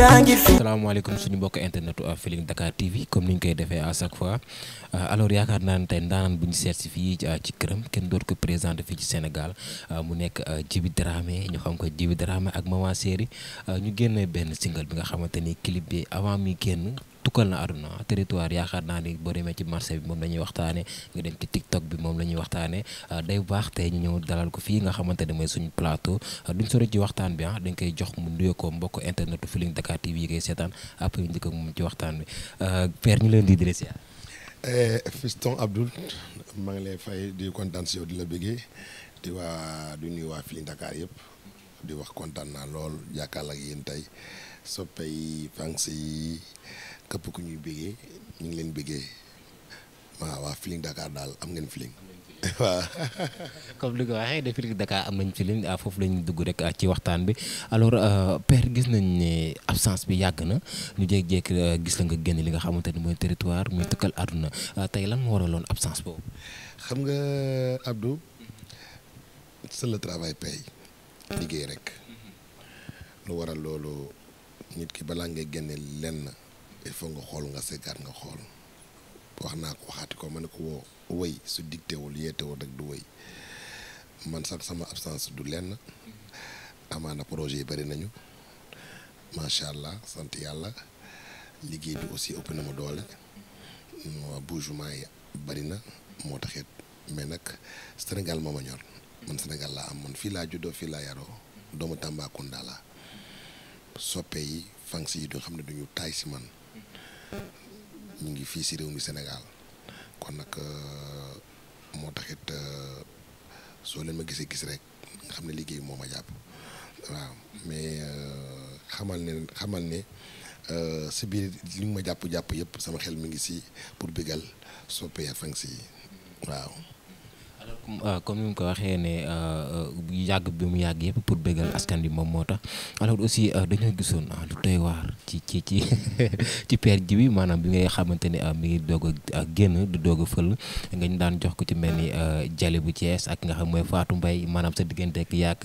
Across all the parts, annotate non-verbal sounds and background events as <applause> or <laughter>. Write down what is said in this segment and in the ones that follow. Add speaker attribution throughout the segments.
Speaker 1: yaa ngi
Speaker 2: salaamaaleykum suñu mbokk internetu Feeling Dakar TV comme ni ñu koy defee à chaque fois euh, alors yaakaar naa ne tey ndaanaan bu ñu seet fii euh, ci këram kenn dootu ko présenté fii ci Sénégal euh, mu nekk Djiby Dramé ñu xam ko Djiby Dramé ak Mama Séri ñu génnee benn single bi nga xamante ni clip bi avant muy génn. tukkal na àdduna territoire yaakaar naa ni boo demee ci marché bi moom la ñuy waxtaane nga dem ci tiktok bi moom la ñuy waxtaane euh, day baax tey ñu ñëw dalal ko fii nga xamante ne mooy suñu plateau euh, duñ sori ci waxtaan bi ah, dañ koy jox mu nuyoo ko mbokk internet Feeling Dakar TV yi koy seetaan après njëkk ak moom ci waxtaan bi euh, père ñu leen di dressé ah.
Speaker 1: eh, fiston Abdoul maa ngi lay fay di kontaan si yow la bëggee di waa du nuyu waa Feeling ndakaar yëpp di wax kontaan naa lool jàkkaarloo ak yéen tey soppay fans yi këpp ku ñuy bégee ñu ngi leen bégee waaw waa Feeling Dakar daal am ngeen feeling <laughs> waaw
Speaker 2: comme li nga waxee de Feeling Dakar am nañ feeling ah, foofu lañ dugg rek ah, ci waxtaan bi alors euh, père gis nañ ne absence bi yàgg na ñu jékki-jékki euh, gis la nga génn li nga xamante ni mooy territoire muy tëkkal àdduna ah, tey lan moo waraloon absence boobu
Speaker 1: xam nga Abdou c'est le travail liggéey rek mm-hmm. lu waral loolu nit ki balaa ngay génne lenn il faut nga xool nga seggaat nga xool wax naa ko waxaati ko ma ne ko woo wëy su digtewul yeetewul rek du wëy man sax sama absence du lenn amaana projet yi bëri nañu macha allah sant yàlla liggéey bi aussi ëpp na ma doole bougement yi bëri na moo taxit mais nag Sénégal moo ma ñor man senegal laa am man fii laa juddoo fii laa yaroo doomu Tambacounda laa soppe yi fans yi du xam ne duñu taay si man mu ngi fii si réew mi Sénégal kon nag euh, moo taxit euh, soo leen ma gisee gis rek nga xam ne liggéey moo ma jàpp waaw mais euh, xamal ne xamal ne si biir li ma jàpp jàpp yëpp sama xel mi ngi si pour bégal soppeeku ak fang si waaw. Euh,
Speaker 2: comme ni mu ko waxee ne euh, euh, yàgg bi mu yàgg yëpp pour bëggal askan bi moom moo tax alors aussi dañoo gisoon lu doy waar ci ci ci <laughs> ci père ji maanaam bi ngay xamante ni mi ngi doog a génn di doog a fël nga ñu daan jox ko ci mel ni Jale bu Thiès ak nga xam mooy Fatou mbay maanaam sa diggante ak yàgg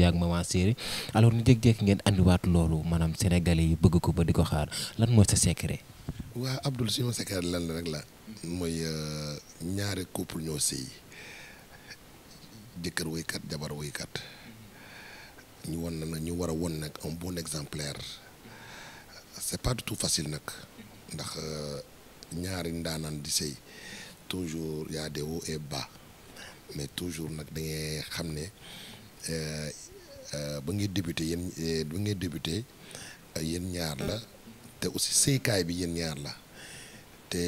Speaker 2: yàgg ma maman série alors ñu jékki-jékki ngeen andiwaat loolu maanaam sénégalais yi bëgg ko ba di ko xaar lan mooy sa secret.
Speaker 1: waa Abdoul si ma secret lan la rek la mooy ñaari couple ñoo sëy jëkkër woykat jabar woykat ñu won na ñu war a won nag un bon exemplaire c'est pas du tout facile nag ndax euh, ñaari ndaanaan di sëy toujours y a des hauts et mais toujours nag da ngay xam ne euh, euh, ba ngay débuté yéen ba ngay débuté yéen ñaar la te aussi sëykaay bi yéen ñaar la te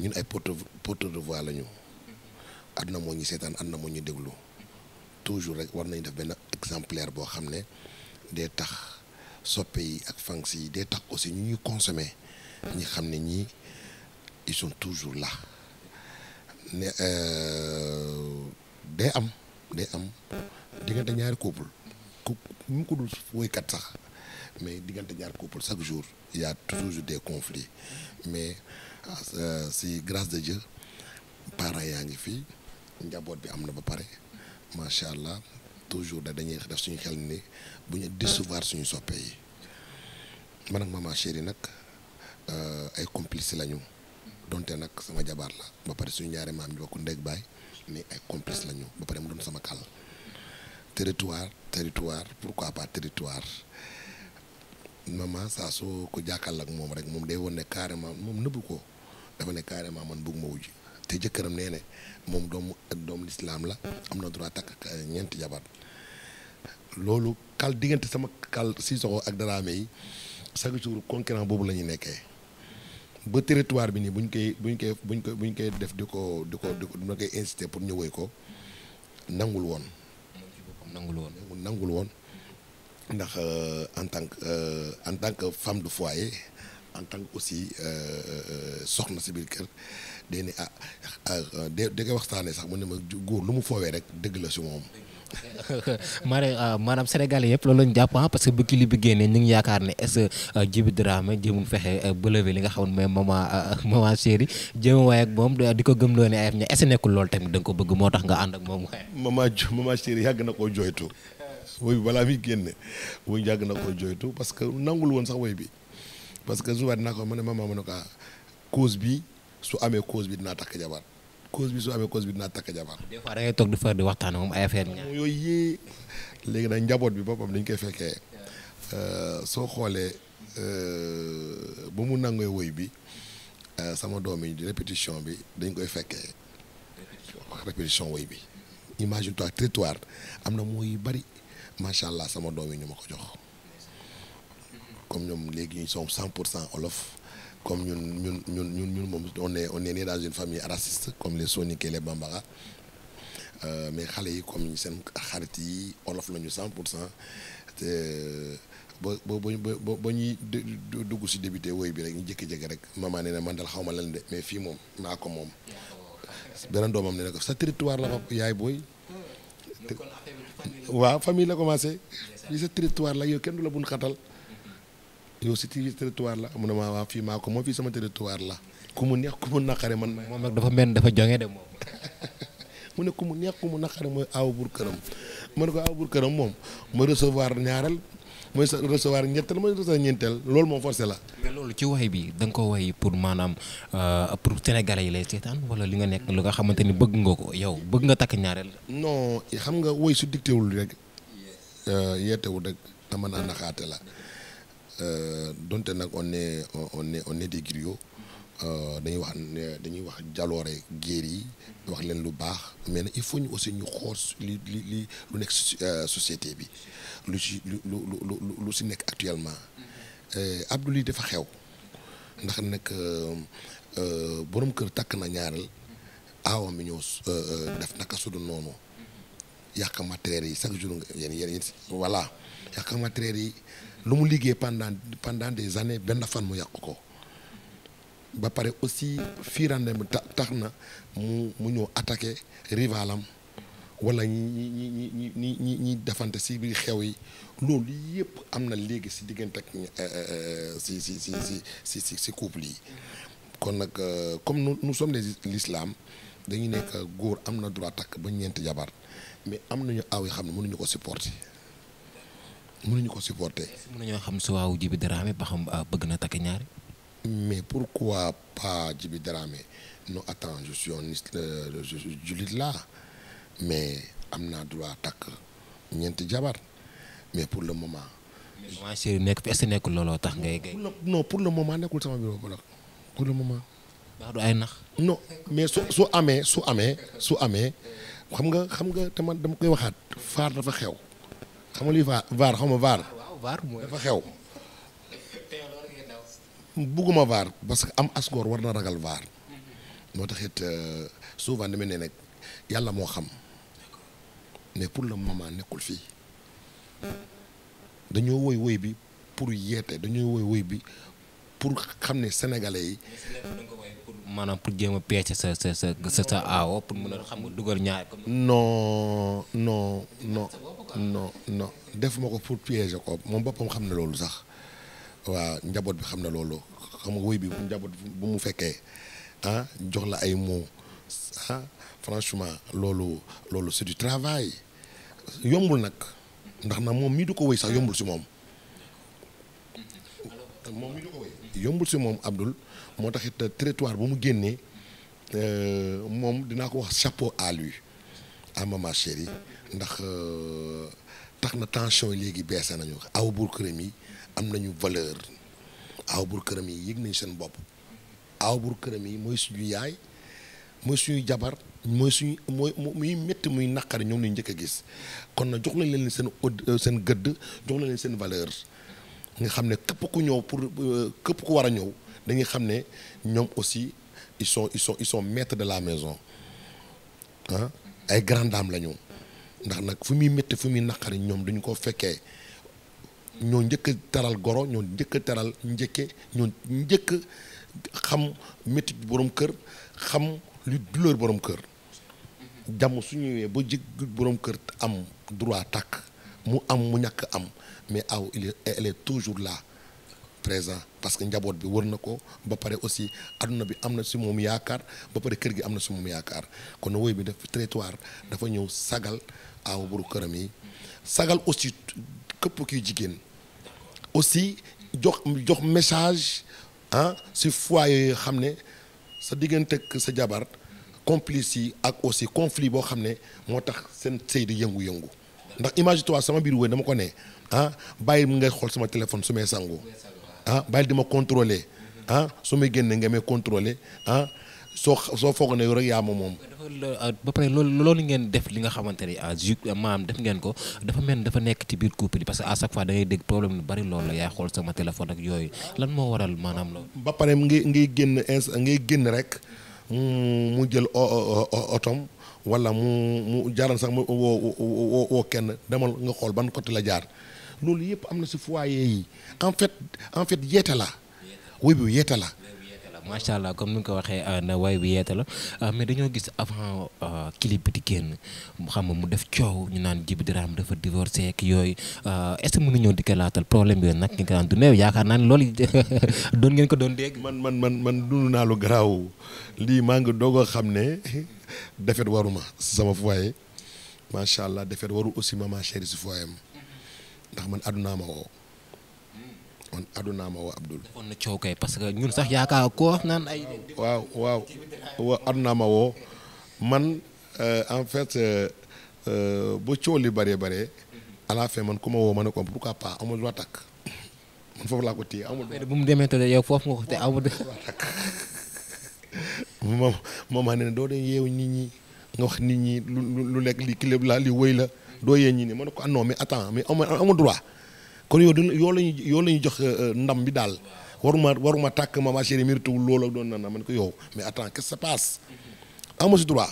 Speaker 1: ñun ay porte porte de voix la ñu àdduna moo ñu seetaan àdduna moo ñu déglu toujours rek war nañ def benn exemplaire boo xam ne day tax soppe yi ak fanc yi day tax aussi ñu ñuy consommer ñi xam ne ñi il sont toujours là ne euh, day am day am diggante ñaari couple ku ko dul woykat sax mais diggante ñaari couple chaque jour il y a toujours des conflits mais euh, si grâce de Dieu parents yaa ngi fii njaboot bi am na ba pare macha allah toujours da dañuy def suñu xel ni bu ñu décevoir suñu soppee yi man ak maman chérie nag euh, ay complice lañu donte nag sama jabar la ba pare suñu ñaari maam ñu bokk ndeg baay mais ay complice lañu ba pare mu doon sama kàll territoire territoire pourquoi pas territoire maman saa soo ko jàkkal ak moom rek moom day won ne carrément moom nëbbu ko dafa ne carrément man bëgg ma wujji te jëkkëram nee ne moom doomu doomu lislaam la am na droit takk euh, ñeenti jabar loolu kal diggante sama kal Cissokho ak Dramé yi chaque jour concurrent boobu la ñu nekkee ba territoire bi nii buñ koy bu ñu koy buñ koy bu ñu koy def di ko di ko di ko dina koy incité pour ñu woy ko nangul woon. nangul woon nangul woon ndax euh, en tant que euh, en tant que femme de foyer en tant que aussi soxna si biir kër. day ne ah, ah, ah da koy waxtaanee sax mu ne ma góor lu mu foowee rek dëgg la si moom. <laughs> Ah,
Speaker 2: maanaam maanaam Sénégalais yëpp loolu lañu jàpp parce que bu kii li bi génnee ñu ngi yaakaar ne est-ce que fexe ba li nga xam ne maman maman chérie jéem waaye ak moom di ko gëm loo ne ayaf ña est nekkul loolu tamit da nga ko bëgg moo tax nga ànd ak moom
Speaker 1: waaye. maman maman yàgg na koo jooytu. woy bi balaa muy génne woy yàgg na koo jooytu parce que nangul woon sax woy bi parce que su ma naa ko ma ne maman ma ne ko cause bi. su amee cause bi dinaa takk jabar cause bi su amee cause bi dinaa takk jabar. des fois da ngay toog di far di waxtaan moom ay affaire ñaar yooyu yee léegi nag njaboot bi boppam dañ koy fekkee euh, soo xoolee euh, ba mu nangoo woy bi euh, sama doom yi répétition bi dañ koy fekkee répétition woy bi imagine toi territoire am na mooy yu bari macha allah sama doom yi ñu ma ko jox comme ñoom léegi ñu sont 100 pour cent olof. comme ñun ñun ñun ñun ñun moom on est on est né dans une famille raciste comme les Soninké et les Bambara euh, mais xale yi comme seen xarit yi olof la ñu 100 pour cent te ba ba ba ba ñuy dugg si débuté woy bi rek ñu jékki-jékki rek maman nee na man dal xaw ma lan de mais fii moom naa ko moom. beneen doomam ne na ko sa territoire la fa yaay booy. Hmm. waaw famille la commencé. li sa territoire la yow kenn du la bun xatal. yow si territoire la mu ne maa waa fii maa ko moom fii sama territoire la ku mu neex ku mu naqare man. moom nag dafa mel dafa joŋee de moom. <laughs> mu ne ku mu neex ku mu naqare mooy aaw buur këram ma ne ko aaw buur këram moom ma recevoir ñaareel mooy recevoir ñetteel mooy recevoir ñeenteel loolu moom forcé la.
Speaker 2: mais loolu ci way bi da nga ko way pour maanaam euh, pour sénégalais yi lay seetaan wala li nga nekk lu nga xamante ni bëgg nga ko yow bëgg nga takk ñaareel.
Speaker 1: non xam nga woy su dictéwul rek euh, yeetewul rek dama naa naxaate la. Euh, donte nag on est on est on euh, dañuy wax dañuy wax jaloore géer yi wax leen lu baax mais nag il faut ñu aussi ñu xool li li li lu nekk euh, société bi lu si lu lu lu lu si nekk actuellement Abdou lii dafa xew ndax nag borom kër takk na ñaareel aawam bi ñëw def naka su dul noonu yàq matériel yi chaque jour nga yéen yéen voilà yàq matériel yi. lu mu liggéey pendant pendant des années benn fan mu yàq ko ba pare aussi fiirande mu tax na mu mu ñëw attaqué rivalam wala ñi ñi ñi ñi ñi ñi defante si biir xew yi loolu yëpp am na léegi si diggante ak eh, eh, eh, si si si si si si couple yi kon nag euh, comme nous nous sommes les l'islam dañuy nekk góor am na droit takk ba ñeenti jabar mais am nañu aw yi xam ne mun mënuñu ko supporter. mënuñu ko supporter. mën
Speaker 2: nañoo xam si waaw Djiby Dramé ba xam ah, bëgg na takk ñaari.
Speaker 1: mais pourquoi pas Djiby Dramé non attends je suis honeste euh, je suis jullit là mais am naa droit takk ñeenti jabar mais pour le moment. mais waa Chérie nekk nekkul looloo tax ngay. ngay non pour le moment nekkul sama bureau ba pour le moment. ndax du ay nax. non mais su su amee su amee su amee xam nga xam nga dama dama koy waxaat faar dafa xew. xam nga liy vaar vaar xam nga vaar. waaw mooy dafa xew. bugguma vaar parce que am asgoor war na ragal vaar. moo tax it euh, souvent dama ne nag yàlla moo xam. mais pour le moment nekkul fii. dañoo woy woy bi pour yeete dañoo woy woy bi pour xam ne sénégalais yi.
Speaker 2: maanaam pour jéem a peese sa sa sa sa pour mën a xam nga dugal ñaar comme.
Speaker 1: non non non non non def ma ko pour piéger ko moom boppam xam na loolu sax waaw njaboot bi xam na loolu xam nga woy bi bu njaboot bu mu fekkee ah jox la ay moom ah franchement loolu loolu c'est du travail yombul nag ndax na moom mii du ko woy sax yombul si moom. moom mii yombul si moom abdul moo tax it euh, territoire bu mu génnee euh, moom dinaa ko wax chapeau à lui à yi ndax euh, tax na tension yi léegi beese nañu aw buur këram yi am nañu valeur aw buur këram yi yëg nañu seen bopp aw buur këram yi mooy suñu yaay mooy suñu jabar mooy suñu mooy muy metti muy naqari ñoom lañu njëkk a gis kon na jox nañ leen seen seen gëdd jox la leen seen valeur nga xam ne képp ku ñëw pour euh, képp ku war a ñëw dañuy xam ne ñoom aussi ils sont ils sont de la maison ah ay grand dames la ñu ndax nag fu muy métti fu muy naqari ñoom duñu ko fekkee ñoo njëkk a teral goro ñoo njëkk a teral njëkke ñoo njëkk xam métti borom kër xam lu douleur borom kër jàmm su ñëwee ba jig borom kër am droit tàkk mu am mu ñàkk am mais aw il est elle est toujours la présent parce que njaboot bi wër na ko ba pare aussi adduna bi am na si moom yaakaar ba pare kër gi am na si moom yaakaar kon woy bi def territoire dafa ñëw sagal aw buru këram yi sagal aussi këpp ki jigéen aussi jox jox message ah si foyer yoo xam ne sa diggante ak sa jabar complice yi ak aussi conflit boo xam ne moo tax seen sëy di yëngu-yëngu ndax image toi sama biir wéen dama ko ne ah bàyyi mu ngay xool sama téléphone su may sangu ah bàyyi di ma contrôler ah su may génne nga may contrôler ah soo soo foog ne yow rek yaa ma moom. Ah, ba pare loolu loolu ngeen def li nga xamante
Speaker 2: ne ah ju ah, maam def ngeen ko dafa mel dafa nekk ci biir couple parce que à chaque fois da ngay dégg problème bari loolu la yaay xool sama téléphone ak yooyu lan moo waral maanaam la
Speaker 1: ba pare ngay ngay génn ins ngay génn rek mu jël otom. wala mu mu jaaral sax mu woo woo woo kenn demal nga xool ban côté la jaar loolu yëpp am na si foyer yi en fait en fait yeete la wéy bi yeete la macha allah comme ni
Speaker 2: nga ko waxee euh, na waay bi yeete la euh, mais dañoo gis avant euh, clip bi di génn xam ma mu def coow ñu naan Djiby Drame dafa divorcé ak yooyu est-ce que mënuñoo di ko laatal problème yooyu nag nga yaakaar naa ne loolu <laughs>
Speaker 1: ngeen ko doon dégg. man man man man dund naa lu garaaw lii maa ngi doog xam ne <laughs> defet waruma sama foyer macha allah defet waru aussi ma ma chérie si foyer am ndax man àddunaa ma woo. man aduna ma wa Abdul. na coow parce que ñun sax yaakaar ko wax naan waaw waaw wa aduna ma woo man euh, en fait euh, euh, bu coow li bëree bare à la fin man ku ma woo ma ne ko pourquoi pas amul lu takk man foofu laa ko amul. mu demee te yow foofu nga ko te amul. moom <laughs> ma ne doo dee yeew nit ñi nga wax nit ñi lu lekk li kilib la li wëy la doo yee ñi ne man ne ko ah non mais attends mais amul droit. kon yow dañu yow lañu yow la ñu jox euh, euh, ndam bi daal waruma waruma tàkk Mama Chérie méritewul loolu ak doon na na man ko yow mais attends qu'est-ce qui se passe amu si droit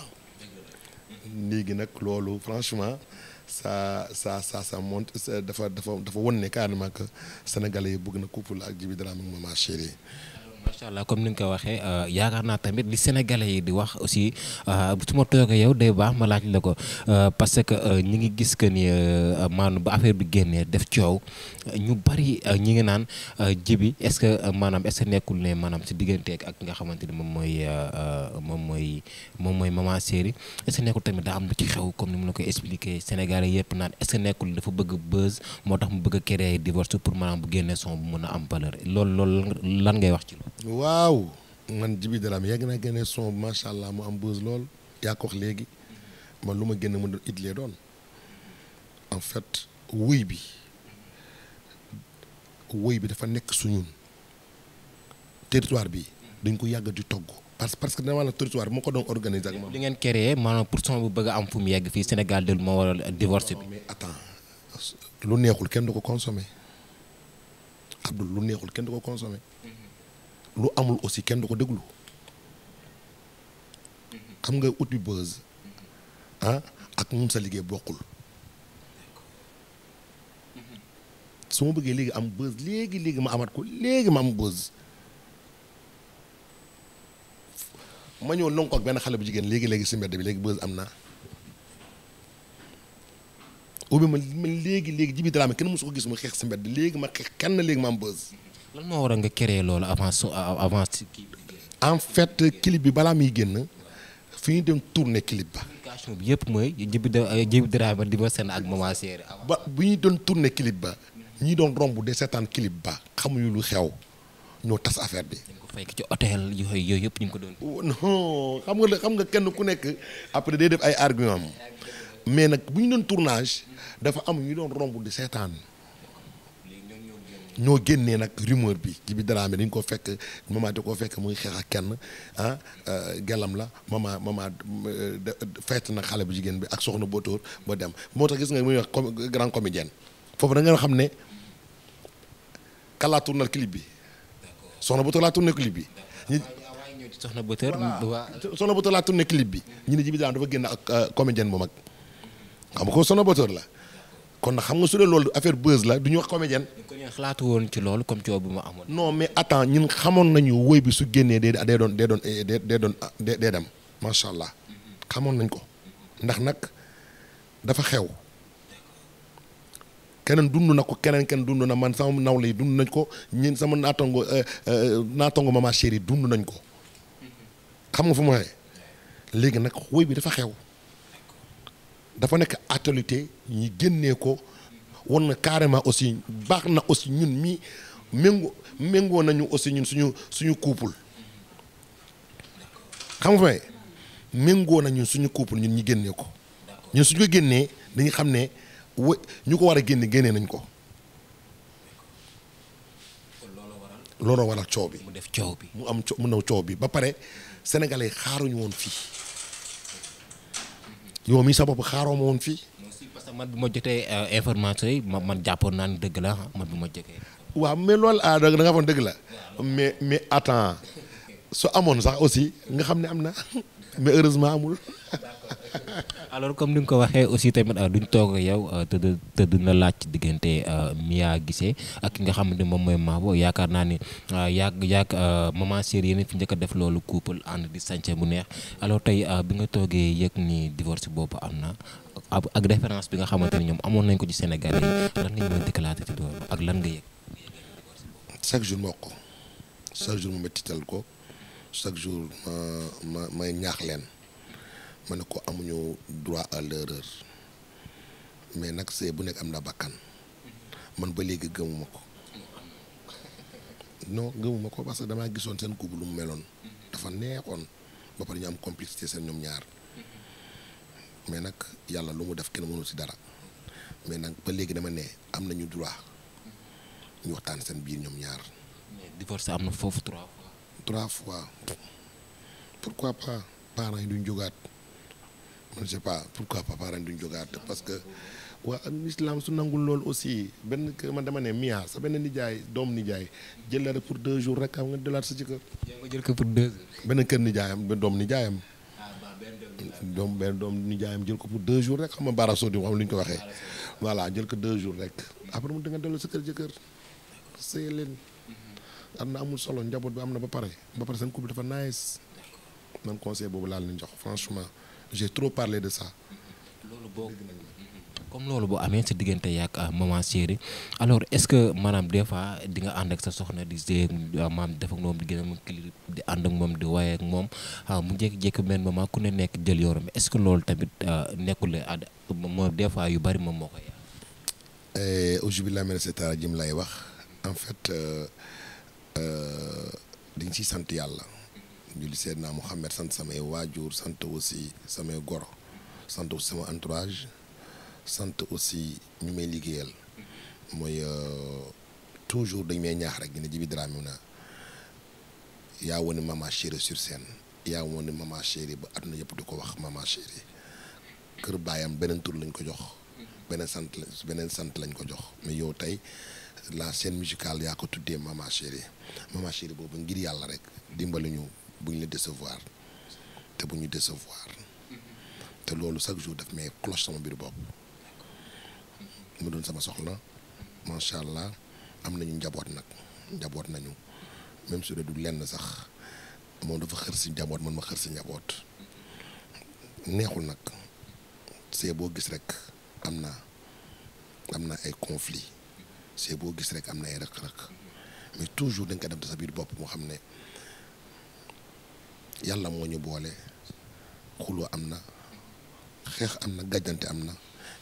Speaker 1: nag loolu franchement sa sa ça ça monte dafa dafa dafa won ne carrément que sénégalais yi bëgg na couple ak Djiby Dramé ak Mama Chérie
Speaker 2: macha comme ni nga ko waxee euh, yaakaar naa tamit li sénégalais yi di wax aussi euh, su ma toogee yow day baax ma laaj la ko euh, parce que ñu ngi gis que ni maanaam bu affaire bi génnee def coow ñu bari ñi ngi naan jibi est-ce que maanaam est-ce que nekkul ne maanaam si digganteeg ak nga xamante ni moom mooy moom mooy moom mooy maman Série est-ce que nekkul tamit ci xew comme ni mu la koy expliquer sénégalais yëpp naan est nekkul dafa bëgg buzz moo tax mu bëgg a créer divorce pour maanaam bu génnee son bu mën a am valeur lool lool lan ngay wax ci
Speaker 1: loolu waaw man Djiby Dramé yàgg naa génne son macha allah mu am buzz lool yaa wax léegi man lu ma génn mu doon it lee doon en fait wuy bi wëy bi dafa nekk suñun territoire bi dañ ko yàgg di togg parce parce que dama la territoire moo ko doon organiser ak moom. ngeen créé maanaam pour son bu bëgg a am fu mu yegg fii Sénégal de moo a divorce bi. mais attends lu neexul kenn du ko consommé Abdoul lu neexul kenn du ko consommé. Mm-hmm. lu amul aussi kenn du ko déglu xam nga ut bi buzz ah, ak moom sa liggéey bokkul su ma bëggee léegi am buzz léegi léegi ma amaat léegi ma am buzz ma ñëw lonk benn xale bu jigéen léegi léegi si mbedd bi léegi buzz am na ubbi ma léegi léegi Djiby Dramé kenn mosu ko gis mu xeex si mbedd léegi ma xeex kenn léegi ma am buzz.
Speaker 2: lan moo waral nga créer loolu avant avant kii en fait
Speaker 1: clip bi balaa muy génn fi ñu dem tourner clip ba. communication bi yëpp mooy Djiby Djiby Dramé di ma seen ak maman Séré. ba bu ñuy doon tourner clip ba ñi doon romb de seetaan clip ba xamuñu lu xew ñoo tas affaire bi. dañ ko fekk ci hôtel yooyu yooyu yëpp ñu ngi ko doon. Oh, non xam nga xam nga kenn ku nekk après day def ay argument mais nag bu ñu doon tournage dafa am ñu doon romb di seetaan. ñoo génnee nag rumeur bi Djiby Dramé dañ koo fekk maman da ko fekk muy xeex ak kenn ah, euh, gelam la maman maman euh, fayet na xale bu jigéen bi ak soxna Botor ba dem moo tax gis nga muy wax com grand comédienne foofu da nga xam ne kan laa tournal clip bi soxna Botor laa tourné clip bi. soxna Botor waaw soxna Botor laa tourné clip bi. ñu ne Djiby Dramé dafa génn ak euh, comédienne bu mag xam nga ko soxna Botor la. kon nag xam nga su dee loolu affaire buzz la du ñu wax comédien. xalaatu woon ci loolu comme coow bu ma amoon. non mais attends ñun xamoon nañu woy bi su génnee day day doon day doon eh, day doon ah, day dem macha allah xamoon nañ ko ndax nag dafa xew keneen dund na ko keneen keneen dund na man sama nawle yi dund nañ ko ñun sama naatango eh, eh, naatango mama chérie yi dund nañ ko xam nga fu ma waxee léegi nag woy bi dafa xew. dafa nekk actualité ñi génnee ko won na carrément aussi baax na aussi ñun mii méngoo méngoo nañu aussi ñun suñu suñu couple xam nga fay méngoo nañu suñu couple ñun ñi génnee ko ñun suñu ko génnee dañu xam ne wa ñu ko war a génne génnee nañ ko looloo waral coow bi mu def coow bi mu am coow mu naw coow bi ba pare sénégalais xaaruñu woon fii yow mii sa bopp xaaroo ma woon fii.
Speaker 2: parce que man bu ma jotee euh, information yi ma man jàppoon naa ne dëgg la man bu ma jotee.
Speaker 1: waaw mais loolu ah da nga foon dëgg la mais mais attends su amoon sax aussi nga xam ne am na. mais heureusement amul. <laughs> alors comme ni nga ko waxee
Speaker 2: aussi tamit ah, duñ toog ak yow te te dina laaj ci diggante ah, Mia gisee ak ki nga xamante moom mooy Mabo yaakaar naa ni ah, yàgg yàgg maman chérie yéen fi njëkk a def loolu couple ànd di sànce bu neex alors tey bi nga toogee yëg ni divorce boobu am na ak référence bi nga xamante ni ñoom amoon nañ ko ci Sénégal yi lan nga mën a déclaré ci loolu ak lan nga yëg.
Speaker 1: chaque jour moo ko jour mu ko. chaque jour ma ma may ñaax leen ma ne ko amuñu droit à l'erreur mais nag sëy bu nekk am na bakkan man ba léegi gëmuma ko non gëmuma ko parce que damaa gisoon seen couple lu mu meloon dafa neexoon ba pare ñu am complicité seen ñoom ñaar mais nag yàlla lu mu def kenn mënul si dara mais nag ba léegi dama ne am nañu droit ñu waxtaan seen biir ñoom ñaar. mais divorce na foofu trois fois pourquoi pas parents yi duñ jógaat je ne sais pas pourquoi pa parents yi duñ jógaat parce que waa islam su nangul loolu aussi benn kër man dama ne mia sa benn nijaay doom nijaay jël la rek pour deux jours rek xam nga dalaat sa ci kër. nga jël ko pour deux benn kër nijaayam doom nijaayam. doom ah, benn doom nijaayam jël ko pour deux jours rek xam nga baaraasoo di xam lu ñu ko waxee. voilà jël ko deux jours rek après mu da nga delloo sa kër jëkër sëy leen. am na amul solo njaboot bi am na ba pare ba pare seen couple dafa nice mm-hmm. man conseil boobu laal nañ jox franchement j'ai trop parlé de sa loolu boo
Speaker 2: comme loolu boo amee sa diggante yaak ah, maman chérie alors est-ce que maanaam des fois di nga ànd ak sa soxna di see ah, maam def ak moom di gën a di ànd moom di waaye ak moom ah, mu jékki-jékki benn maman ku ne nekk jël yoram est-ce que loolu tamit nekkul ad
Speaker 1: moom des fois yu bari moom moo koy. Eh, aujubilaa mina seytaani rajiim lay wax en euh, Euh, dañ ciy sant yàlla julli Seydina Mouhamed sant samay waajur sant aussi samay goro sant aussi sama entourage sant aussi ñu may liggéeyal mooy euh, toujours dañ may ñaax rek ñu ne Djiby Dramé na yaa woon mama chérie sur scène yaa woon mama chérie ba àdduna yëpp di ko wax mama chérie kër baayam beneen tour lañ ko jox beneen sant beneen sant lañ ko jox mais yow tey la scène musicale yaa ko tuddee Mama Chérie Mama Chérie boobu ngir yàlla rek dimbali ñu bu ñu la décevoir te bu ñu décevoir te loolu chaque jour daf may cloche sama biir bopp mu doon sama soxla macha allah am nañu njaboot nag njaboot nañu même su dee du lenn sax moom dafa xër si njaboot man ma xër si njaboot neexul nag c'est boo gis rek am na am na ay conflits. c'est boo gis rek am na ay rëq-rëq mais toujours da nga koy def de sa biir bopp moo xam ne yàlla moo ñu boole xuloo am na xeex am na gàjjante am na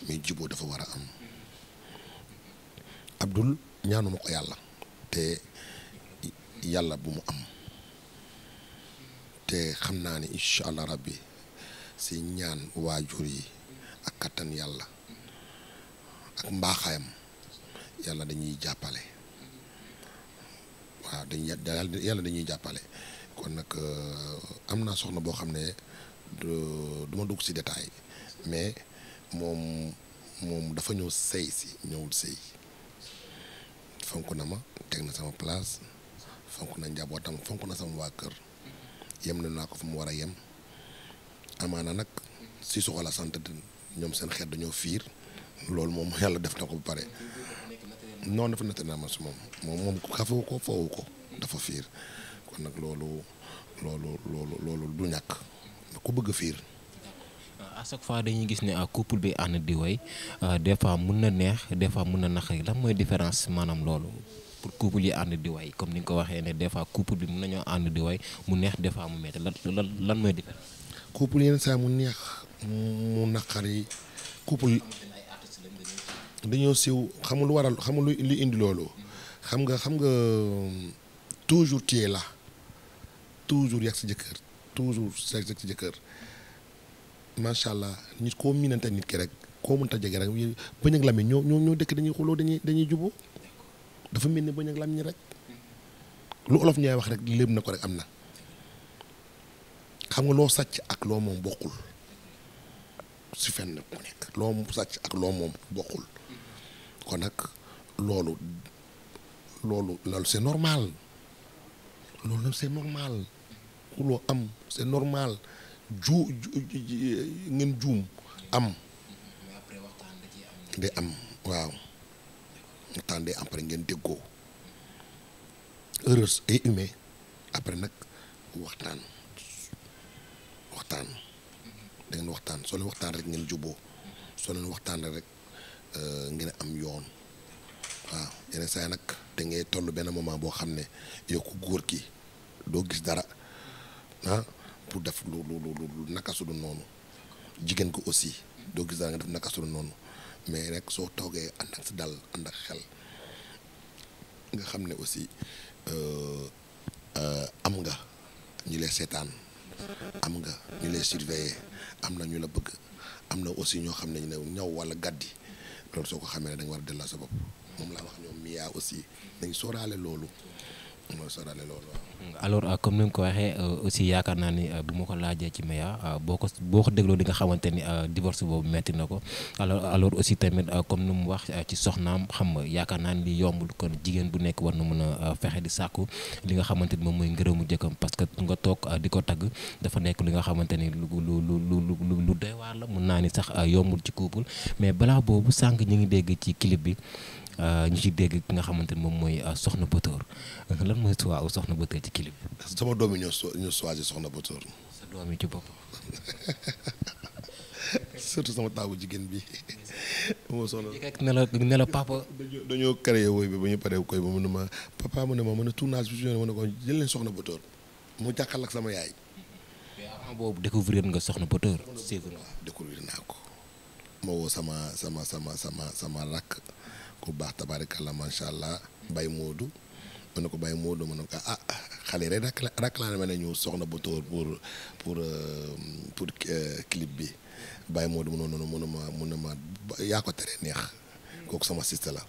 Speaker 1: mais jiboo dafa war a am Abdul ñaanuma ko yàlla te yàlla bu mu am te xam naa ni incha allah rabbi si ñaan waajur yi ak kattan yàlla ak mbaaxaayam yàlla dañuy jàppale waaw dañuy yàlla dañuy jàppale kon nag euh, am naa soxna boo xam ne du ma dugg ci détail mais moom moom dafa ñëw sëy si ñëwul sëy fonk na ma teg na sama place fonk na njabootam fonk na sama waa kër yem na naa ko fa mu war a yem amaana nag si soxla sant ñoom seen xeet dañoo fiir loolu moom <laughs> yàlla def na ko bu pare non dafa natt su moom moom moom ko foowu ko dafa fiir kon nag loolu loolu loolu
Speaker 2: loolu du ñàkk ku bëgg a fiir. à fois dañuy gis ne couple bi ànd di way euh, des fois mun na neex des fois mun na naqari lan mooy différence maanaam loolu pour couple yi ànd di waay comme ni nga ko waxee ne des fois couple bi mun nañoo ànd di way mu neex des fois mu métti lan
Speaker 1: lan lan mooy différence. couple yenn saa mu neex mu naqari couple. dañoo siw xamul lu waral xam xamul lu indi loolu xam nga xam nga toujours tu la là toujours yàgg si jëkkër toujours yàgg si jëkkër macha allah nit koo miinante nit ki rek koo mënta jege rek bëñ ak làmmiñ ñoo ñoo ñoo dëkk dañuy xuloo dañuy dañuy juboo dafa mel ni bëñ ak làmmiñ rek lu olof ñaay wax rek lépp na ko rek am na xam nga loo sàcc ak loo moom bokkul si fenn ku nekk loo sàcc ak loo moom bokkul kon nag loolu loolu loolu c'est normal loolu c'est normal loo am c'est normal ju ngeen juum am day am waaw waxtaan day am après ngeen déggoo heureuse et humain après nag waxtaan waxtaan da ngeen waxtaan solo leen waxtaan rek ngeen juboo solo leen waxtaan rek Euh, ngeen am yoon waaw yenn saa nag da ngay toll benn moment boo xam ne yokku góor ki doo gis dara ah, pour def lu lu lu naka noonu jigéen ko aussi doo gis dara nga def naka noonu mais rek soo toogee ànd ak si dal ànd xel nga xam ne aussi euh, am nga ñu lay seetaan am nga ñu lay surveiller am na ñu la bëgg am na aussi ñoo xam ne ñu ne ñaw walla gàddi. loolu soo ko xamee ne da nga war a delloo sa bopp moom laa wax ñoom miyaa aussi nañ sóoraale loolu moo sarale loolu waaw.
Speaker 2: alors euh, comme ni nga ko waxee euh, aussi yaakaar naa ni euh, bu ma ko laajee ci Meya boo ko boo ko dégloo di nga xamante ni divorce boobu metti na ko alors alors aussi tamit comme ni mu wax ci soxnaam xam ma yaakaar naa ni li yombul kon jigéen bu nekk war na mën a fexe di sàkku li nga xamante ni moom mooy ngërëmu jëkkam parce que nga toog di ko tagg dafa nekk li nga xamante ni lu lu lu lu doy waar la mun naa ni sax yombul ci couple mais balaa boobu sànq ñu ngi dégg ci clip bi. Euh, ñu ci dégg ki nga xamante ne moom mooy euh,
Speaker 1: Soxna Bator mhm. lan mooy choix Soxna Bator ci clip bi. sama doom yi ñoo so Soxna Bator. sa ci bopp. <laughs> surtout sama taawu jigéen bi. <laughs> moo soxna ne la ne la dañoo dañoo wooy bi ba ñu paree koy ba mu ma mu ne ma ma ne tournage bi su ñu ne ko jël Soxna Bator mu jàkkaarloo ak sama yaay. mais avant
Speaker 2: boobu nga Soxna Bator.
Speaker 1: séeréer waaw découvrir naa ko. ma woo sama sama sama sama sama rakk. ku baax tabaarikàlla macha allah Baye Modou ma ne ko Baye Modou ma ne ko ah xale yi rek réclamé nañu soxna bu tóor pour pour euh, pour euh, clip bi Baye Modou mu noonu na ma mun na ma yaa ko tere neex kooku sama siste la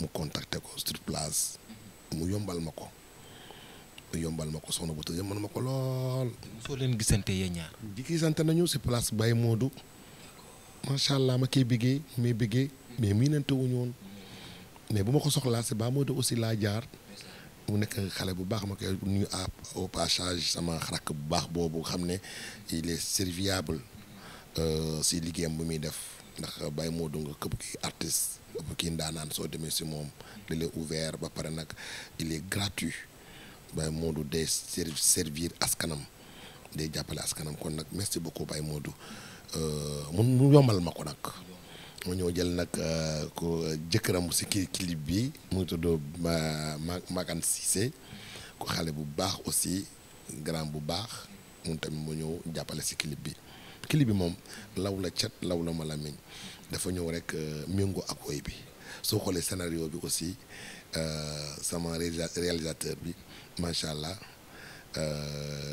Speaker 1: mu contacté ko sur place mu yombal ma ko. yombal ma ko soxna bu tëjee mën ma ko lool. soo leen gisante yee ñaar. di gisante nañu si place Baye Modou macha allah ma koy biggee may biggee mais miinante wuñu woon mais bu ma ko soxlaa si baa moo de aussi laa jaar mu nekk xale bu baax ma koy nuyu à au passage sama rakk bu baax boobu xam ne il est serviable euh, si liggéeyam bu muy def ndax bay Modou nga këpp ki artiste këpp kii ndaanaan soo demee si moom il est ouvert ba pare nag il est gratuit Baye Modou day servir askanam day jàppale askanam kon nag merci beaucoup bay Modou euh, mun mu yombal ma ko nag ma ñëw jël nag euh, ku euh, jëkkëram si kii clip bi mu ngi tudd Makan Cissé ku xale bu baax aussi grand bu baax moom tamit mu ñëw jàppale si clip bi clip bi moom law la cat law la ma lamiñ dafa ñëw rek euh, méngoo ak woy bi soo xoolee scénario bi aussi sama réalisateur bi macha allah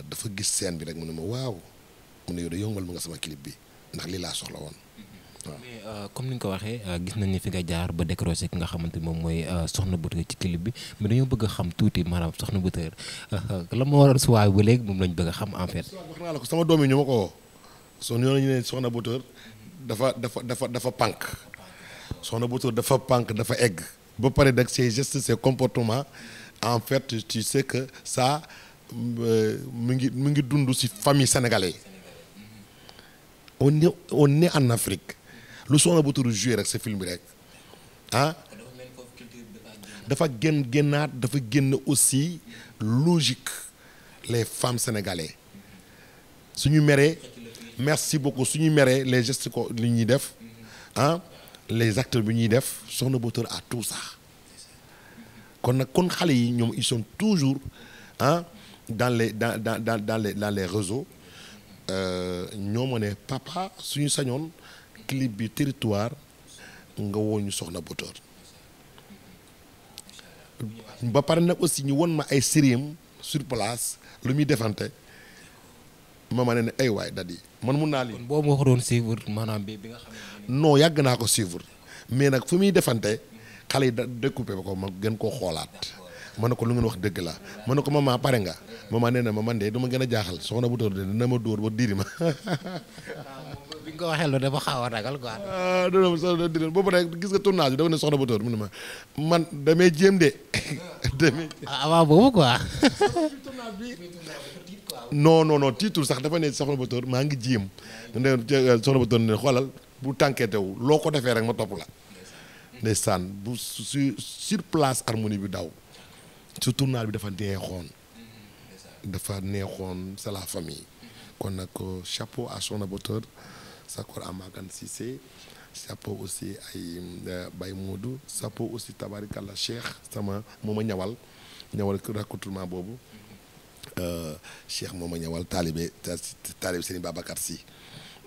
Speaker 1: dafa gis scène bi rek mu ne ma waaw mu ne yow de yombal mu nga sama clip bi ndax lii laa soxla woon mais
Speaker 2: euh, comme ni nga ko waxee euh, gis nañ ni fi nga jaar ba décroché ki nga xamante moom mooy euh, Soxna Bator ci clip bi mais dañoo bëgg xam tuuti maanaam Soxna Bator la ma a suwaay ba léegi moom lañu bëgg xam en
Speaker 1: fait. wax naa la ko sama doom yi ñu ma ko soo ne Soxna Bator dafa dafa dafa dafa pànk Soxna Bator dafa pànk dafa egg ba pare nag ses gestes ses comportements en fait tu sais que saa mu ngi mu ngi dund si famille sénégalaise on est en Afrique. lu Soxna bu Tudd rek sa film bi rek ah. dafa génn génnaat dafa génn aussi logique les femmes sénégalaises suñu meree merci beaucoup suñu meree les gestes ko ñuy def ah les acteurs bi ñuy def Soxna bu Tudd à tout ça kon nag kon xale yi ñoom ils sont toujours ah dans les dans dans les dans les réseaux euh, ñoo ma ne papa suñu sañoon. clip bi territoire nga wooñu soxna Bator ba pare nag aussi ñu won ma ay séréem sur place lu muy defante ma ma ne ne ay waay dadi man mun naa lii. kon boobu nga ko doon suivre maanaam bi bi nga xam yàgg naa ko suivre mais nag fu muy defante xale yi da découpé ba ko ma gën koo xoolaat. ma ne ko lu ngeen wax dëgg la ma ne ko ma maman pare nga maman nee na ma man de ma gën a jaaxal soxna bu tóor de dina ma dóor ba diiri ma <laughs> bi nga ko waxee loolu dafa xaw a ragal quoi. ah non non di boobu nag gis nga tournage bi soxna ba mun ma man damay jéem de. <laughs> damay <laughs> ah, avant boobu quoi. tournage bi. non sax dafa ne soxna ba maa ngi jéem. Euh, soxna ba tóor ne xoolal bu tànkeetewu loo ko defee rek ma topp la. ndeysaan bu sur place harmonie bi daw. su tournage bi dafa neexoon. dafa neexoon c'est la famille. kon nag euh, chapeau à son abatteur sa Sakor Amakan Cissé chapeau aussi ay euh, Baye Modou chapeau aussi tabarikàlla Cheikh sama moom a ñawal ñawal raccoutrement boobu euh, Cheikh moo ma ñawal taalibe taalibe Serigne Babacar si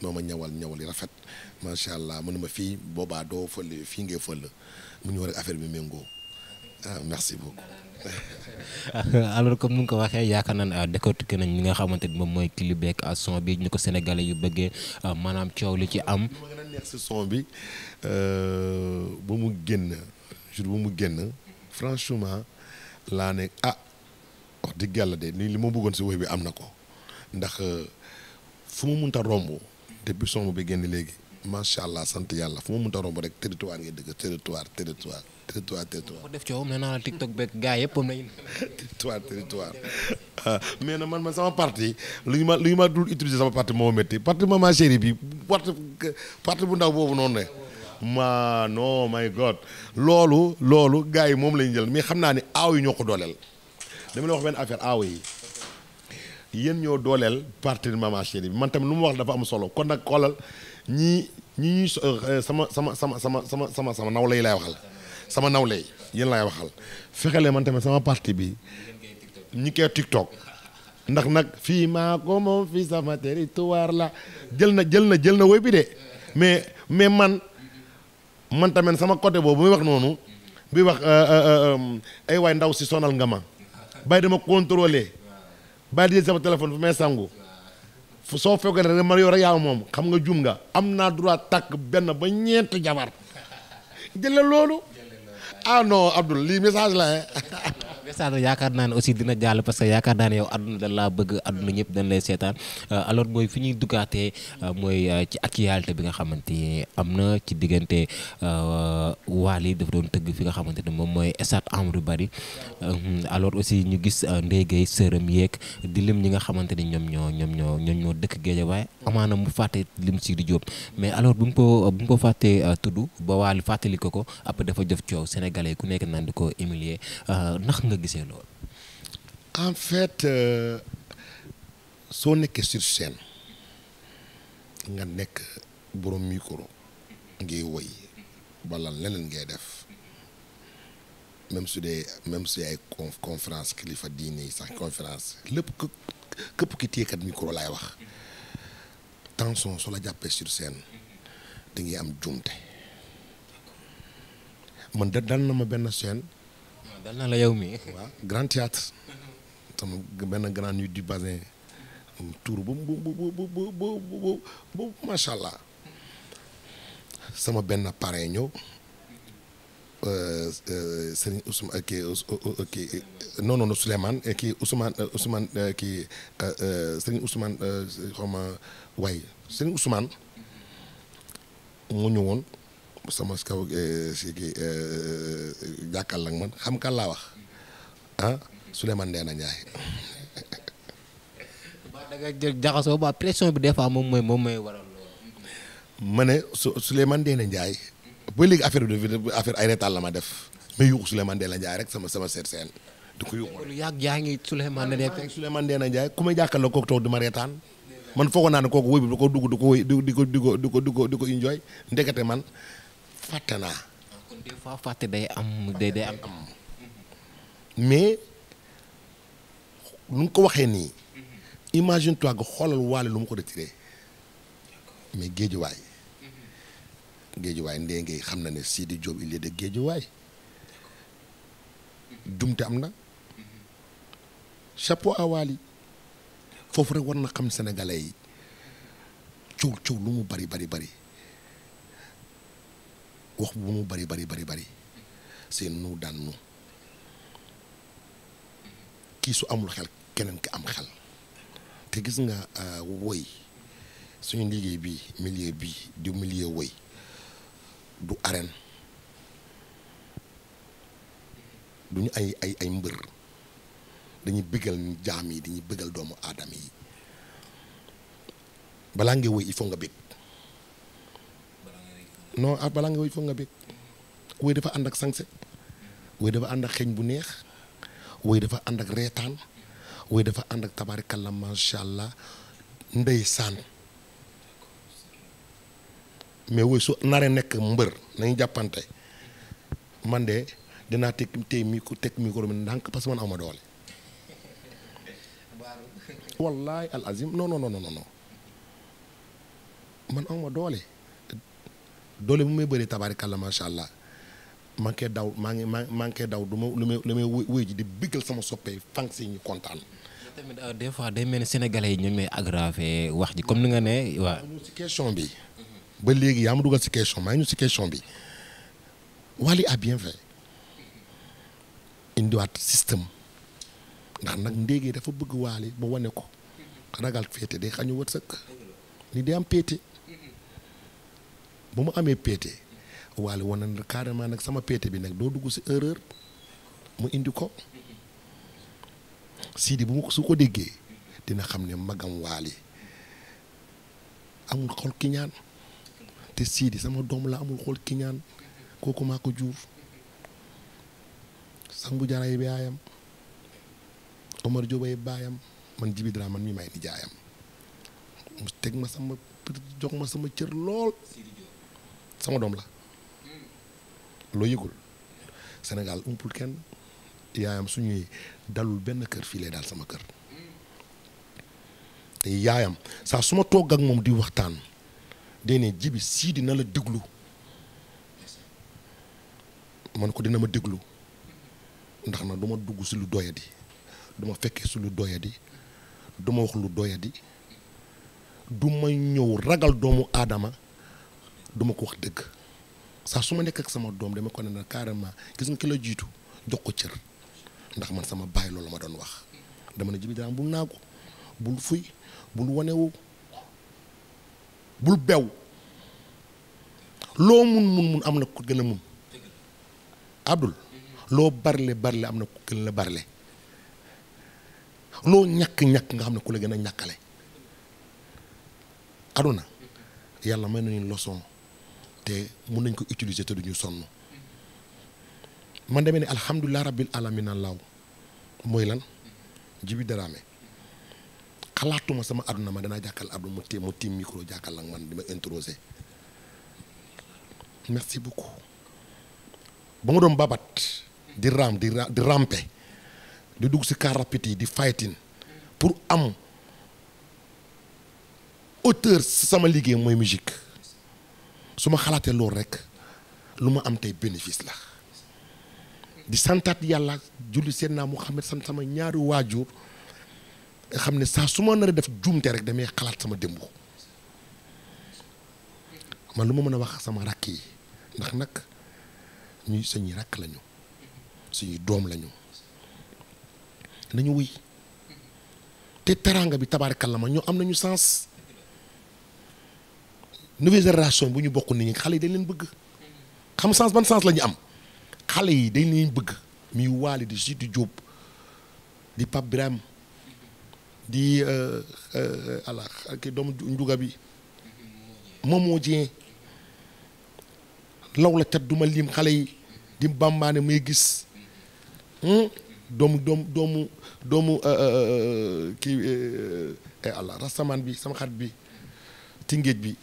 Speaker 1: moom ma ñawal ñawal yi rafet macha allah ma fii boobaa doo fël fii ngee fël mu ñëw rek affaire bi méngoo ah merci beaucoup. <laughs>
Speaker 2: comme ni nga ko waxee yaakaar naa ne ah, décortiqué nañ li nga xamante ni moom mooy clip beeg ah, son bi ñu ko sénégalais yu bëggee ah, maanaam coow li ci am. ma
Speaker 1: gën a son bi euh, ba mu génn mu génn franchement laa ne ah wax dëgg yàlla de nii li ma bëggoon si woy bi am na ko ndax euh, fu mu mënta romb depuis son bi génn léegi macha allah sant yàlla fu mu mënta romb rek territoire ngay dëgg territoire territoire. territoire territoire. def coow nee naa la TikTok beeg yëpp am nañu. territoire territoire ah, mais na man man sama parti lu ñu ma lu ñu ma dul utiliser sama parti moo métti parti maman chérie bi parti parti bu ndaw boobu noonu ne. ma no my God loolu loolu gars yi moom la jël mais xam naa ni aaw yi ñoo ko dooleel dama la wax benn affaire aaw yi yéen ñoo dooleel parti maman chérie bi man tamit lu mu wax la dafa am solo kon nag kolal ñii ñi ñuy euh, sama sama sama sama sama sama sama naw lay lay waxal. sama nawle yéen laay waxal fexele man tamit sama parti bi ñi koy tiktok ndax nag fii maa ko moom fii sama territoire la jël na jël na jël na woy bi de mais mais man man tamit sama côté boobu muy wax noonu bi wax euh, euh, euh, ay waay ndaw si sonal nga ma bàyyi dama contrôler bàyyi di jël sama téléphone fu may sangu soo fekkee ne man yow rek yaa moom xam nga jum nga am naa droit takk benn ba ñeent jabar jëlal loolu ah non Abdoul lii message la <laughs>
Speaker 2: message yaakaar naa ne aussi dina jàll parce que yaakaar naa ne yow àdduna laa bëgg àdduna ñëpp dañ lay seetaan euh, alors mooy fi ñuy duggaatee euh, mooy euh, ci actualité bi nga xamante ni am na ci diggante Wally dafa doon tëgg fi nga xamante ne moom mooy stade Amadou bari alors aussi ñu gis Ndeye Gueye sërëm yeeg di lim ñi nga xamante ni ñoom ñoo ñoom ñoo ñoom ñoo dëkk Guédiawaye amaana mu fàtte lim Sidy Diop mais alors bu mu ko bu ko fàttee tudd ba Wally fàttali ko ko après dafa jëf coow ku nekk
Speaker 1: nga gisee loolu. en fait euh, soo nekkee sur scène nga nekk borom micro ngi woy bala leneen ngay def même su dee même su ay conférence kilifa diine yi sax conférence lépp ku képp ki téyekat micro laay wax tension soo la jàppee sur scène da ngay am jumte man da dal na ma benn scène. dal na la yow mi waaw grand théâtre sama benn grand nuit du Bazin tour bu bu allah sama benn parrain ñëw Serigne Ousmane kii kii non non kii Ousmane Ousmane kii Serigne Ousmane mu ñu sama kaw eh, si kii eh, eh, jàkkal lak man xam kan laa wax ah Souleymane Ndéné Ndiaye. waaw <laughs> da nga jaxasoo ba pression bi des fois moom mooy moom mooy waral loolu. ne su Souleymane Ndéné Ndiaye. ba léegi affaire bi dafa affaire ay retal la ma def mais yuuxu Souleymane Ndéné Ndiaye rek sama sama seet seen. du ko yuuxu lu yàgg yaa ngi Souleymane Ndéné Ndiaye Souleymane Ndéné Ndiaye ku may jàkkaarloo kooku toog du ma reetaan. man foogoon naa ne kooku wóy bi da du ko wóy di ko di ko di ko di ko di ko enjoy ndekete man fàtte naa. fàtte day am day day am. mais lu nga ko waxee nii. imagine toi nga xoolal waale lu mu ko retiré. mais géejuwaay. géejuwaay ndee ngay xam na ne Sidi Diop il est de géejuwaay. jumte am na. chapeau à Wally foofu rek war na xam sénégalais yi coow coow lu mu bari bari bari. wax bu mu bari bari bari bari seen nu dans nous kii su amul xel keneen ki am xel te gis nga euh, woy suñu liggéey bi millier bi du milieu woy du arène duñu ay ay mbër dañuy bëggal jaam yi dañuy bëggal doomu aadama yi balaa ngay woy il faut nga bit non ah balaa nga wéy foog nga bég woy dafa ànd ak sanse woy dafa ànd ak xeeñ bu neex woy dafa ànd ak reetaan woy dafa ànd ak tabaarikàlla macha allah ndeysaan mais woy su naree nekk mbër nañ jàppante man de dinaa teg tey mi ko teg micro ndànk parce que man awma doole. wallaay al azim non non non non non man awma doole. doole bu may bëree tabaarikàlla macha allah maa daw maa ngi maa ngi daw du ma lu may lu may wéy ji di biggal sama soppee fànn si ñu kontaan. tamit euh, des fois day mel
Speaker 2: ni sénégalais yi ñoom
Speaker 1: ñooy aggravé wax ji comme ni nga ne waa si question bi. ba léegi yaa ma dugal maa ngi si question bi Wally a bien fait indiwaat système ndax nag ndéegee dafa bëgg Wally ba wane ko ragal féete day xañu wërsëg ni day am péete. ba mu amee péete waale woon na carrément nag sama péete bi nag doo dugg si erreur mu indi ko Sidi bu mu su ko déggee dina xam ne magam waali amul xol ki ñaan te Sidi sama doom la amul xol ki ñaan kooku maa ko juur sangu jaray baayam Omar Jóobay baayam man Jibi man mi may ni jaayam teg ma sama jox ma sama cër lool sama doom la loo yëgul Sénégal umpul kenn yaayam suñuy dalul benn kër fii lay daal sama kër te yaayam saa su ma toog ak moom di waxtaan dee ne jibi sii dina la déglu man ko dina ma déglu ndax na duma dugg si lu doyadi du ma fekkee si lu doyadi du ma wax lu doyadi du ñëw ragal doomu aadama duma ko wax dëgg saa su ma nekk ak sama doom dama ko ne na carrément gis nga ki la jiitu jox ko cër ndax man sama baay loolu ma doon wax dama ne jibi daan bul naagu bul bew loo am na ku gën a mun Abdul loo barle barle am na ku gën la barle loo ñàkk-ñàkk nga xam ne ku la gën a ñàkkale aduna yàlla may nañu leçon te mun nañ ko utiliser te duñu sonn man demee ni alhamdulilah rabbil alamin laaw mooy lan jibi daraame xalaatuma sama àdduna ma danaa jàkkal àdduna mu tiim mu tiim micro jàkkal ak man di ma introsé merci beaucoup ba ma doon babat di raam di di di dugg si car rapide yi di fighting pour am hauteur sama liggéey mooy musique su ma xalaatee loolu rek lu ma am tey bénéfice la di santaat yàlla julli seen naa Muhammad sant sama ñaari waajur nga xam ne saa su ma nar def juumte rek damay xalaat sama démb man lu ma mën a wax sama rakk yi ndax nag ñuy suñuy rakk lañu suñuy doom lañu nañu wuy te teraanga bi la ma ñoo am nañu sens nouvelle génération bu ñu bokk nit ñi xale yi dañ leen bëgg xam sens ban sens am xale yi dañ leen bëgg muy waali di Sidy Diop di Pape Birame di euh, euh, ala ki doomu njuga bi moom moo jeen law la cat duma liim xale yi di bambaane may gis hmm? doomu doomu doomu doomu euh, kii eh, allah rastaman bi sama xarit bi tingéej bi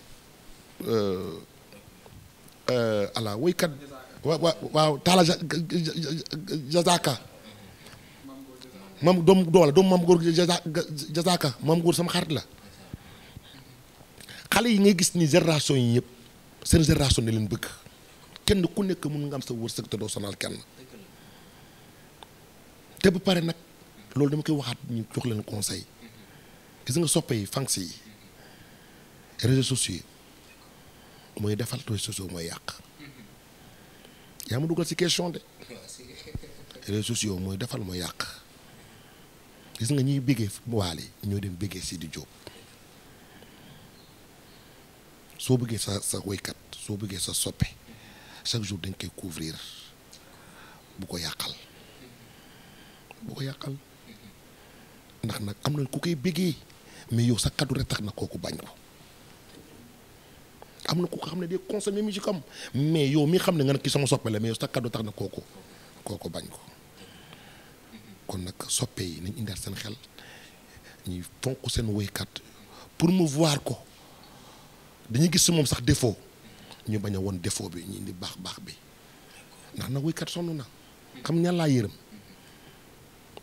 Speaker 1: Euh, euh, allah woykat wa waaw taala jazaka mam doom doola doom mam goor jazaka mam góor sama xarit la xale yi ngay gis ni génération yi yëpp seen génération ne leen bëgg kenn ku nekk mun nga am sa wërsëg te doo sonal kenn te bu pare nag loolu dama koy waxaat ñu jox leen conseil gis nga soppe yi fanx yi réseaux sociaux mooy defal réseaux mooy yàq yaa ma dugal ci question de <laughs> réseaux mooy defal mooy yàq gis nga ñuy bëggee waale ñoo dem bëggee di Diop soo bëggee sa sa woykat soo bëggee sa soppe chaque jour dañ koy couvrir bu ko yàqal bu ko yàqal ndax nag am na ku koy bëggee mais yow sa kaddu rek tax na kooku bañ ko. am na ku xam ne day consommer musique am mais yow mi xam ne nga ne ki sama soppe la mais yow sa kaddu tax na kooku kooku bañ ko kon nag soppe yi nañ indaat seen xel ñuy fonk seen woykat pour mu ko dañuy gis si moom sax défaut ñu bañ a woon défaut bi ñu indi baax baax bi ndax na woykat sonn na xam ñan laa yërëm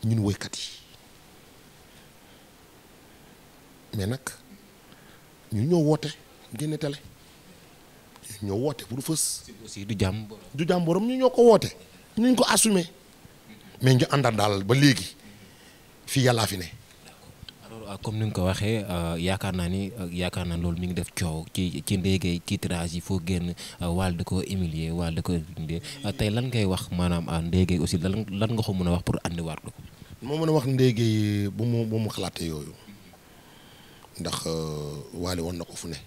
Speaker 1: ñun woykat yi mais nag ñu ñoo woote génne télé ñoo woote bu du fës. du jàmm borom. du jàmm borom ñu ñoo ko woote. ñu ko assumer. mais ñu àndal daal ba léegi. fii yàllaa fi ne. alors euh, comme ni nga ko waxee euh,
Speaker 2: yaakaar naa ni euh, yaakaar naa loolu mi ngi def coow ci ci ndéegay ci tirage yi foo génn waal da ko humilier waal da ko humilier tey lan ngay wax maanaam ndéegay aussi lan lan nga ko mën a wax pour
Speaker 1: àndiwaat ko. moo mën a wax ndéegay bu mu bu mu xalaatee yooyu. ndax waale woon na ko fu ne.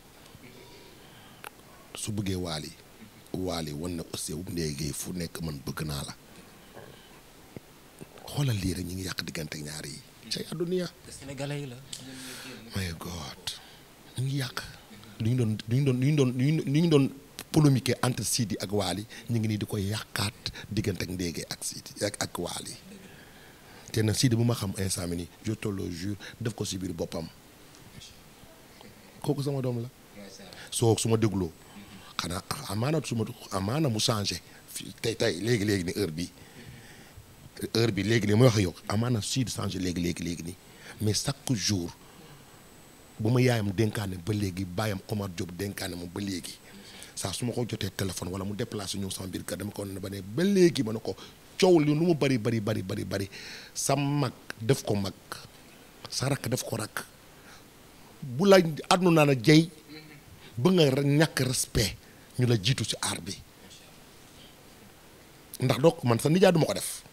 Speaker 1: su bëggee waali waali wan na aussi wu fu nekk man bëgg naa la xoolal lii rek ñu ngi yàq diggante ñaar yi. cay àdduna. Sénégalais yi la. my God ñu ngi yàq. lu ñu doon lu doon lu doon lu doon polémique entre Sidi ak Waali ñu ngi nii di ko yàqaat diggante ak Ndege ak Sidi ak ak Waali te nag Sidi bu ma xam instant bi def ko si biir boppam kooku sama doom la. soo su ma dégloo. xanaa ah, amaana suma ma amaana mu changé fii tey tey léegi léegi ni heure bi heure bi léegi nii may wax yow amaana sud changé léegi léegi léegi nii mais chaque jour bu ma yaayam dénkaane ba léegi bàyyam Omar Diop dénkaane moom ba léegi saa su ma ko jotee téléphone wala mu déplacé ñëw sama biir kër dama ko ne ba ne ba léegi ma ko coow li lu mu bari bari bari bari bari sa mag def ko mag sa rakk def ko rakk bu la àdduna naa la jey ba nga ñàkk respect ñu la jiitu ci aar bi ndax donc man sa nijaay du ko def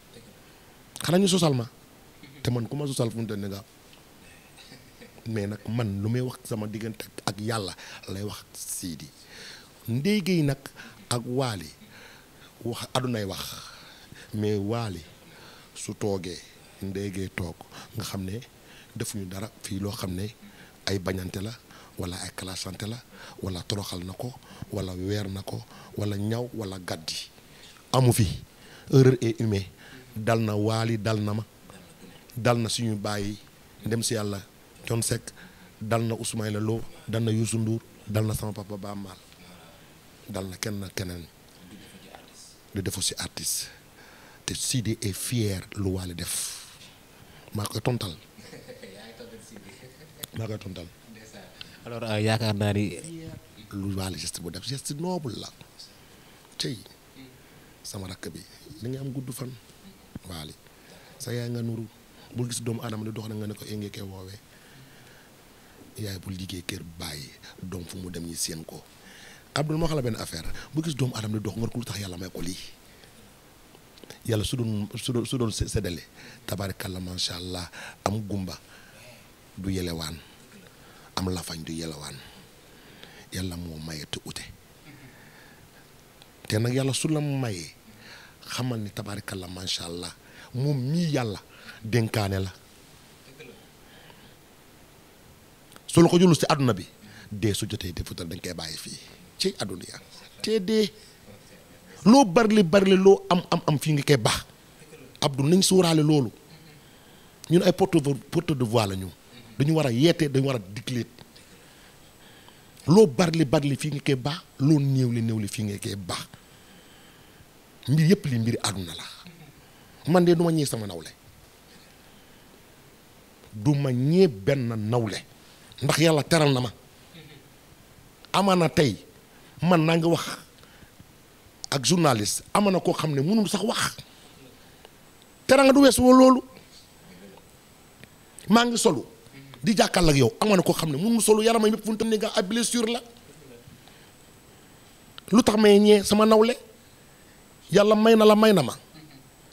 Speaker 1: xanaa ñu sosal ma te man ku ma sosal fu mu toll gaaw mais nag man lu may wax sama diggante ak yàlla lay wax Sidi Ndeye Gueye nag ak waali wax adunay wax mais Waly su toogee Ndeye Gueye toog nga xam ne defuñu dara fii loo xam ne ay bañante la. wala ay clashante la wala toroxal na ko wala weer na ko wala ñaw wala gàddi amu fi erreur est humaine dal na waali dal na ma dal na suñu bàyyi ndem si yàlla Thione dal na Ismaïla Lô dal na Youssou Ndour dal na sama papa Ba Maal dal na kenn keneen lu defu si artist te Sidi est fier lu waali def maa koy tontal maa koy tontal alors euh, yaakaar naa ni. lu waale geste bu def geste noble la cëy sama rakk bi li nga am gudd fan waali sa yaay nga nuru bu gis doomu adama di dox na nga ne ko énge ke woowee yaay bul liggéey kër bàyyi doom fu mu dem ñi seen ko Abdul moo xam la benn affaire bu gis doomu aadama di dox nga ko lu tax yàlla may ko lii yàlla su doon su doon su doon séddale tabaarkalla macha allah am gumba du yelewaan am lafañ du yelawaan yàlla moo maye te ute te nag yàlla su la mayee xamal ni tabaarikalla macha allah moom mii yàlla dénkaane la su la ko jëlu si àdduna bi dee su jotee defutal dañ koy bàyyi fii ci àdduna ya te dee loo barli barli loo am am am fii nga koy baax Abdou nañ suuraale loolu ñun ay porte de voix la dañu war a yeete dañu war a digleet loo barli barli fii nga koy baax loo néewli néewli fii nga koy baax mbir yépp li mbir àdduna la man de du ma ñee sama nawle du ma ñee benn nawle ndax yàlla teral na ma amaana tey man naa nga wax ak journaliste amana koo xam ne mënul sax wax teranga du weesu loolu maa ngi solu di jàkkal ak yow amoon na ko xam ne mun mu solu yaramam yëpp fu mu ne nga ab blessure la lu tax may ñee sama nawle yàlla may na la may na ma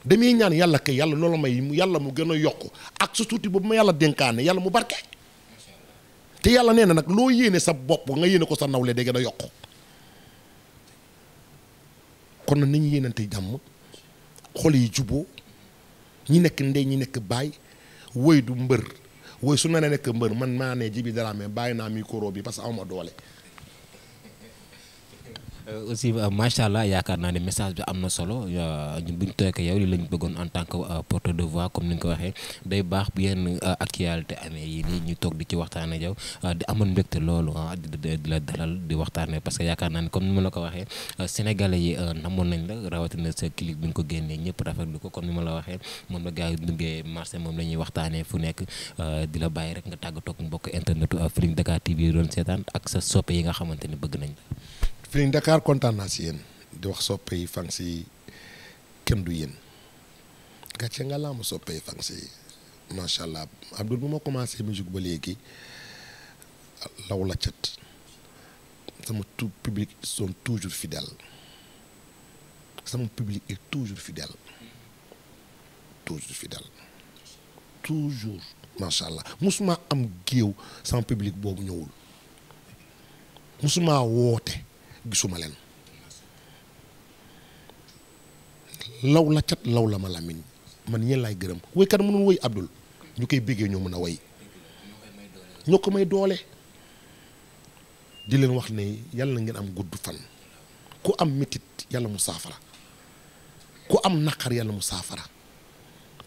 Speaker 1: damay ñaan yàlla kay yàlla loola may yàlla mu gën a yokk ak sa tuuti boobu ma yàlla dénkaane yàlla mu barke te yàlla nee na nag loo yéene sa bopp nga yéene ko sa nawle day gën a yokk kon na nañu yéenante jàmm xol yi juboo ñi nekk ndey ñi nekk baay woy du mbër woy su ma nee nekk mbër man maa ne Djiby Dramé bàyyi naa micro bi parce que aw ma doole Euh, aussi euh,
Speaker 2: macha allah yaakaar naa ne message bi am na solo bu euh, ñu toog yow li lañ bëggoon en tant que porte de voix comme ni nga ko waxee day baax bu yenn actualité amee yi nii ñu toog di ci waxtaanee yow di amoon mbégte loolu ah la dalal di waxtaane parce que yaakaar naa ne comme ni ma la ko waxee sénégalais namoon nañ la rawatina sa clip bi nga ko génnee ñëpp lu ko comme ni ma la waxee moom na gaa yi duggee marché moom la ñuy waxtaanee fu nekk di la bàyyi rek nga tàggatoo ak mbokk internetu Feeling Dakar TV doon seetaan ak sa soppe yi nga xamante ne bëgg nañ la
Speaker 1: Feeling Dakar kontaan naa si yéen di wax soppe fan si kenn du yéen gàcce nga laa ma soppe yi fan si macha allah bu ma commencé musique ba léegi law la cat sama tout public sont toujours fidèles sama public est toujours fidèle toujours fidèle toujours macha allah musuma am géew sama public boobu ñëwul musuma woote. gisuma leen law la cat law la ma làmmiñ man ñeen laay gërëm woykat mënul woy Abdul ñu koy béggee ñoo mën a way ñoo ko may doole di leen wax ne yàlla ngeen am gudd fan ku am métit yàlla mu saafara ku am naqar yàlla mu saafara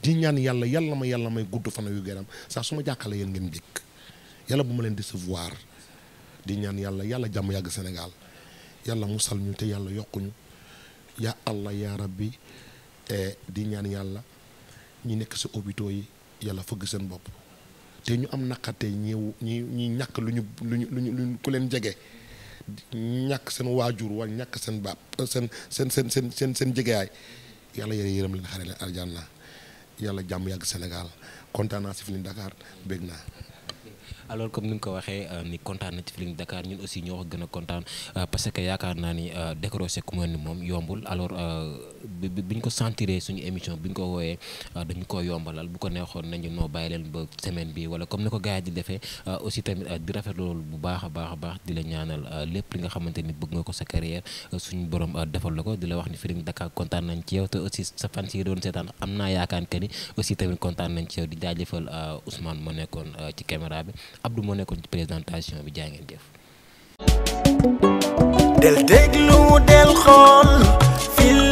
Speaker 1: di ñaan yàlla yàlla ma yàlla may gudd fan yu gëram saa su ma jàkkaarloo yéen ngeen dégg yàlla bu ma leen décevoir di ñaan yàlla yàlla jàmm yàgg Sénégal yàlla musal ñu te yàlla yokkuñu yaa allah yaa rabbi e, di ñaan yàlla ñi nekk si hôpitaux yi yàlla fëgg seen bopp te ñu am naqate ñiw ñi ñi ñàkk lu ñu lu ñu lu ñu ku leen jege ñàkk seen waajur wala ñàkk seen baab seen seen seen seen seen seen jegeyaay yàlla yére yërëm leen xare leen aljanna yàlla jàmm yàgg Sénégal kontaan naa si fi Dakar bég naa alors comme ni nga ko
Speaker 2: waxee euh, ni kontaan na ci Feeling Dakar ñun aussi ñoo ko gën a kontaan euh, parce que yaakaar naa ni euh, décroché ku mel ni moom yombul alors. bi ñu ko sentiree suñu émission bi nga ko wooyee euh, dañu ko yombalal bu ko neexoon nañu noo bàyyi leen ba semaine bi wala comme ni ko gars di defee euh, aussi tamit euh, di rafet loolu bu baax a baax a baax di la ñaanal lépp li nga xamante ni bëgg nga ko sa carrière suñu borom defal la ko di la wax ni Feeling Dakar kontaan nañ ci yow te aussi sa fan si doon seetaan am naa yaakaar que ni aussi tamit kontaan nañ ci yow di jaajëfal Ousmane moo nekkoon ci caméra bi Abdou moo nekkoon ci présentation bi jaa ngeen